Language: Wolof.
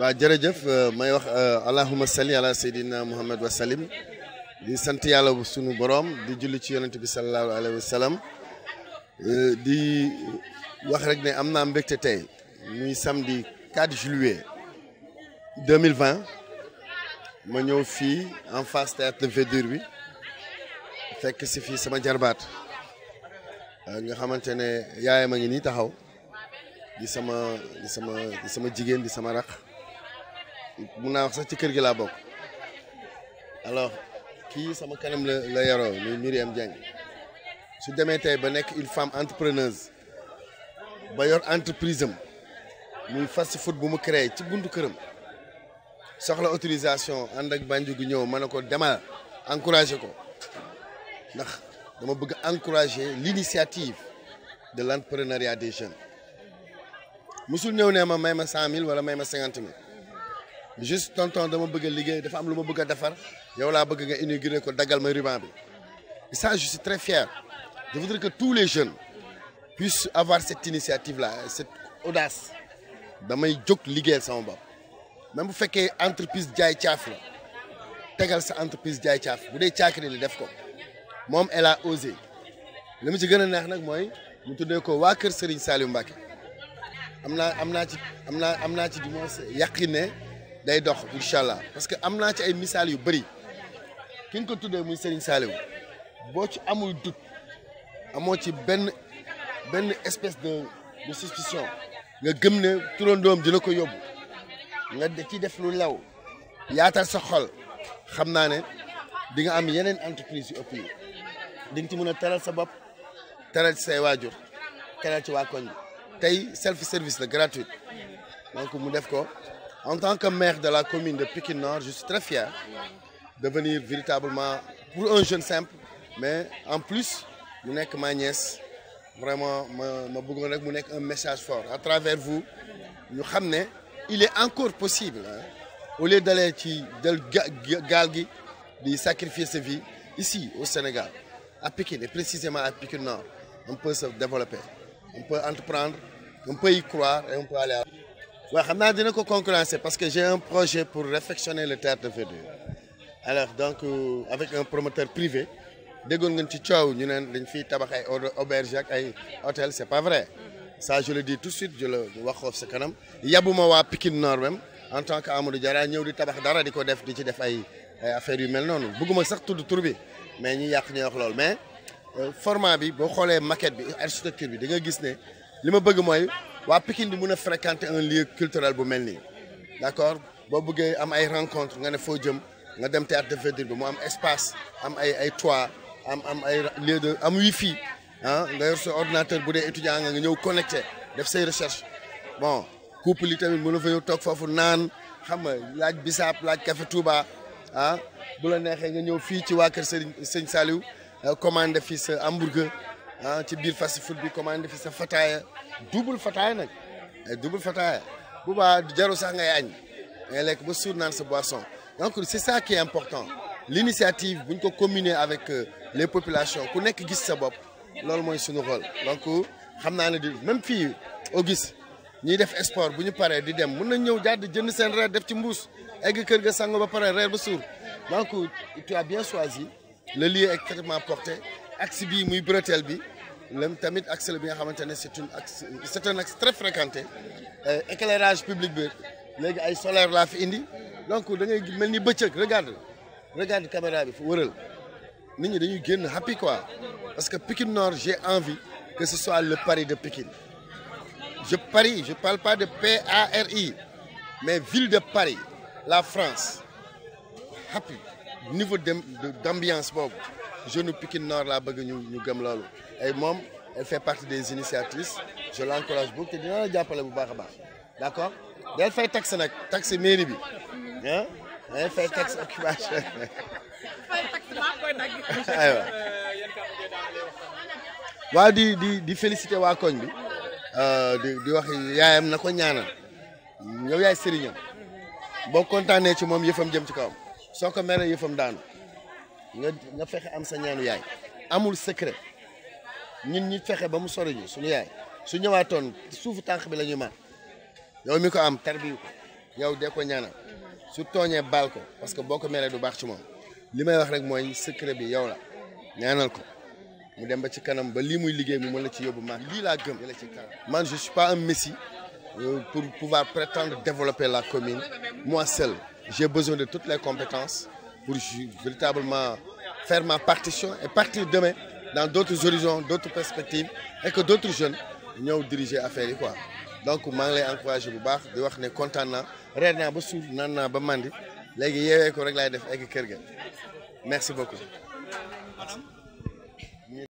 waa jërëjëf euh, may wax euh, allahuma salli ala seydina muhammad wa salim di sant yàlla sunu boroom di julli ci yonent bi sallallahu alayhi wa sallam euh, di wax rek ne am naa mbégte tey muy samedi quatre juillet 2020 ma ñëw fii en face théâtre de verdure bi fekk si fii sama jarbaat nga xamante ne yaayam a ngi nii taxaw di sama sama sama jigéen di sama rax mun naa wax sax ci kër gi laa bokk alors kii sama kanam la la yaroo muy Myriam su demee tey ba nekk une femme entrepreneuse ba yor entreprise am fas si food bu mu créé ci buntu këram soxla autorisation ànd ak banju gi ñëw ma a ko demal encouragé ko ndax dama bëgg encourager l'initiative de l'entrepreneuriat des jeunes mosul ñëw ne ma may ma cent wala may ma cinquante mille juste tonton dama bëgg liggéey dafa am lu ma bëgg a defar yow laa bëgg nga inauguré ko daggal ma ruban bi et ça je très fier je voudrais que tous les jeunes puissent avoir cette initiative là cette audace damay jóg liggéey sama bopp même bu fekkee entreprise jaay caaf la tegal sa entreprise jaay caaf bu dee caakiri li def ko moom elle a osé li mu ci gën a neex nag mooy mu tuddee ko waa kër Serigne Saliou Mbacké am naa am naa ci am naa am naa ci du moins yàqin ne day dox incha allah parce que am naa ci ay misaal yu bëri ki nga ko tuddee muy Serigne Saliou boo ci amul dut amoo ci benn benn espèce de de suspicion nga gëm ne doom dina ko yóbbu nga ci def lu law yaatal sa xol xam naa ne di nga am yeneen entreprise yu ëpp yi di nga ci mën a teral sa bopp teral ci say waajur teral ci waa koñ bi tey self service la gratuite donc mu def ko. En tant que maire de la commune de Pékin-Nord, je suis très fier de venir véritablement pour un jeune simple, mais en plus, mu nekk ma nièce vraiment ma ma bëggoon rek mu nekk un message fort à travers vous ñu xam ne il est encore possible au lieu d'aller ci del gaal gi di sacrifier sa vie ici au Sénégal à Pikine et précisément à Pikine Nord on peut se développer on peut entreprendre on peut y croire et on peut aller à... waaw xam naa dina ko concurrencer parce que j'ai un projet pour réfectionner le théâtre de verdure alors donc euh, avec un promoteur privé déggoon ngeen ci coow ñu neen dañ fiy tabax ay auberge ak ay hôtel c'est pas vrai ça je le dis tout de suite je le wax xoof sa kanam yabuma waa Pikine Nord en tant que Amadou jaraa ñëw di tabax dara di ko def di ci def ay affaire yu mel noonu bëgguma sax tudd tur bi mais ñu yàq ñuy wax loolu mais euh, format bi boo xoolee maquette bi architecture bi da gis ne li ma bëgg mooy waa Pikine di mun a fréquenter un lieu culturel bu mel nii d'accord boo bëggee am ay rencontre nga ne foo jëm nga dem théâtre de verdure bi mu am espace am ay ay am ay lieu de am wifi ah nga yor ordinateur bu dee étudiant nga nga ñëw connecté def sey recherche bon couple yi tamit mën na fa ñëw toog foofu naan xam nga laaj bisaab laaj café Touba ah bu la neexee nga ñëw fii ci waa kër Serigne Sëñ Saliou ah, commandé fii sa hamburger ah ci biir fast food bi commandé fi sa fataaya double fataaya nag eh, double fataaya bu baa jaru sax ngay añ ngay lekk ba suur naan sa boisson donc c'est ça qui est important l'initiative buñ ko communer avec euh, les populations ku nekk gis sa bopp loolu mooy suñu rôle donc xam naa ne di même fii au gis ñiy def sport bu ñu paree di dem mun nañ ñëw jàdd jënd seen reer def ci mbuus eg kër ga sango ba pare reer ba suur donc tu as bien choisi le lieu porté axe bii muy bretelle bi lem tamit axe la bi nga xamante ne c'est une axe c'est un axe très fréquenté euh, éclairage public bi léegi ay solaire la fi indi donc da ngay mel ni bëccëg regarde regarde caméra bi fu wëral nit ñi dañuy génn happy quoi parce que Pikine Nord j'ai envie que ce soit le Paris de Pikine je parie je parle pas de p a r mais ville de Paris la France happy niveau d'ambiance boobu jeune Pikine Nord laa bëgg ñu ñu gëm loolu ay moom elle fait partie des initiatrices je l' encourage beaucoup te dina la jàppale bu baax baax d' accord del fay taxe nag taxe mairie bi ah day fay taxe occupation aywa di di di félicité waa koñ bi euh, di di wax yaayam na ko ñaanal yow yaay sëriñam boo kontaanee ci moom yëfam jëm ci kawam soo ko meree yëfam daanu nga nga fexe am sa ñaanu yaay amul secret ñun ñi fexe ba mu sori ñu suñu yaay su ñëwaatoon suufu tànk bi lañuy ñuy mat mi ko am tarbiyu bi yow dee ko ñaanal su tooñee baal ko parce que boo ko meree du baax ci moom li may wax rek mooy secret bi yow la ñaanal ko mu dem ba ci kanam ba lii muy liggéey mu mën la ci yóbbu man lii laa gëm la ci kanam man je suis pas un messie euh, pour pouvoir prétendre développer la commune moi seul j'ai besoin de toutes les compétences pour véritablement faire ma partition et partie demain dans d'autres horizons, d'autres perspectives et que d'autres jeunes ñëw diriger affaire yi quoi donc maa ngi lay encouragé bu baax di wax ne kontaan naa reer naa ba suuf naan naa ba mandi léegi yeewee ko rek laay def egg kër ga merci beaucoup.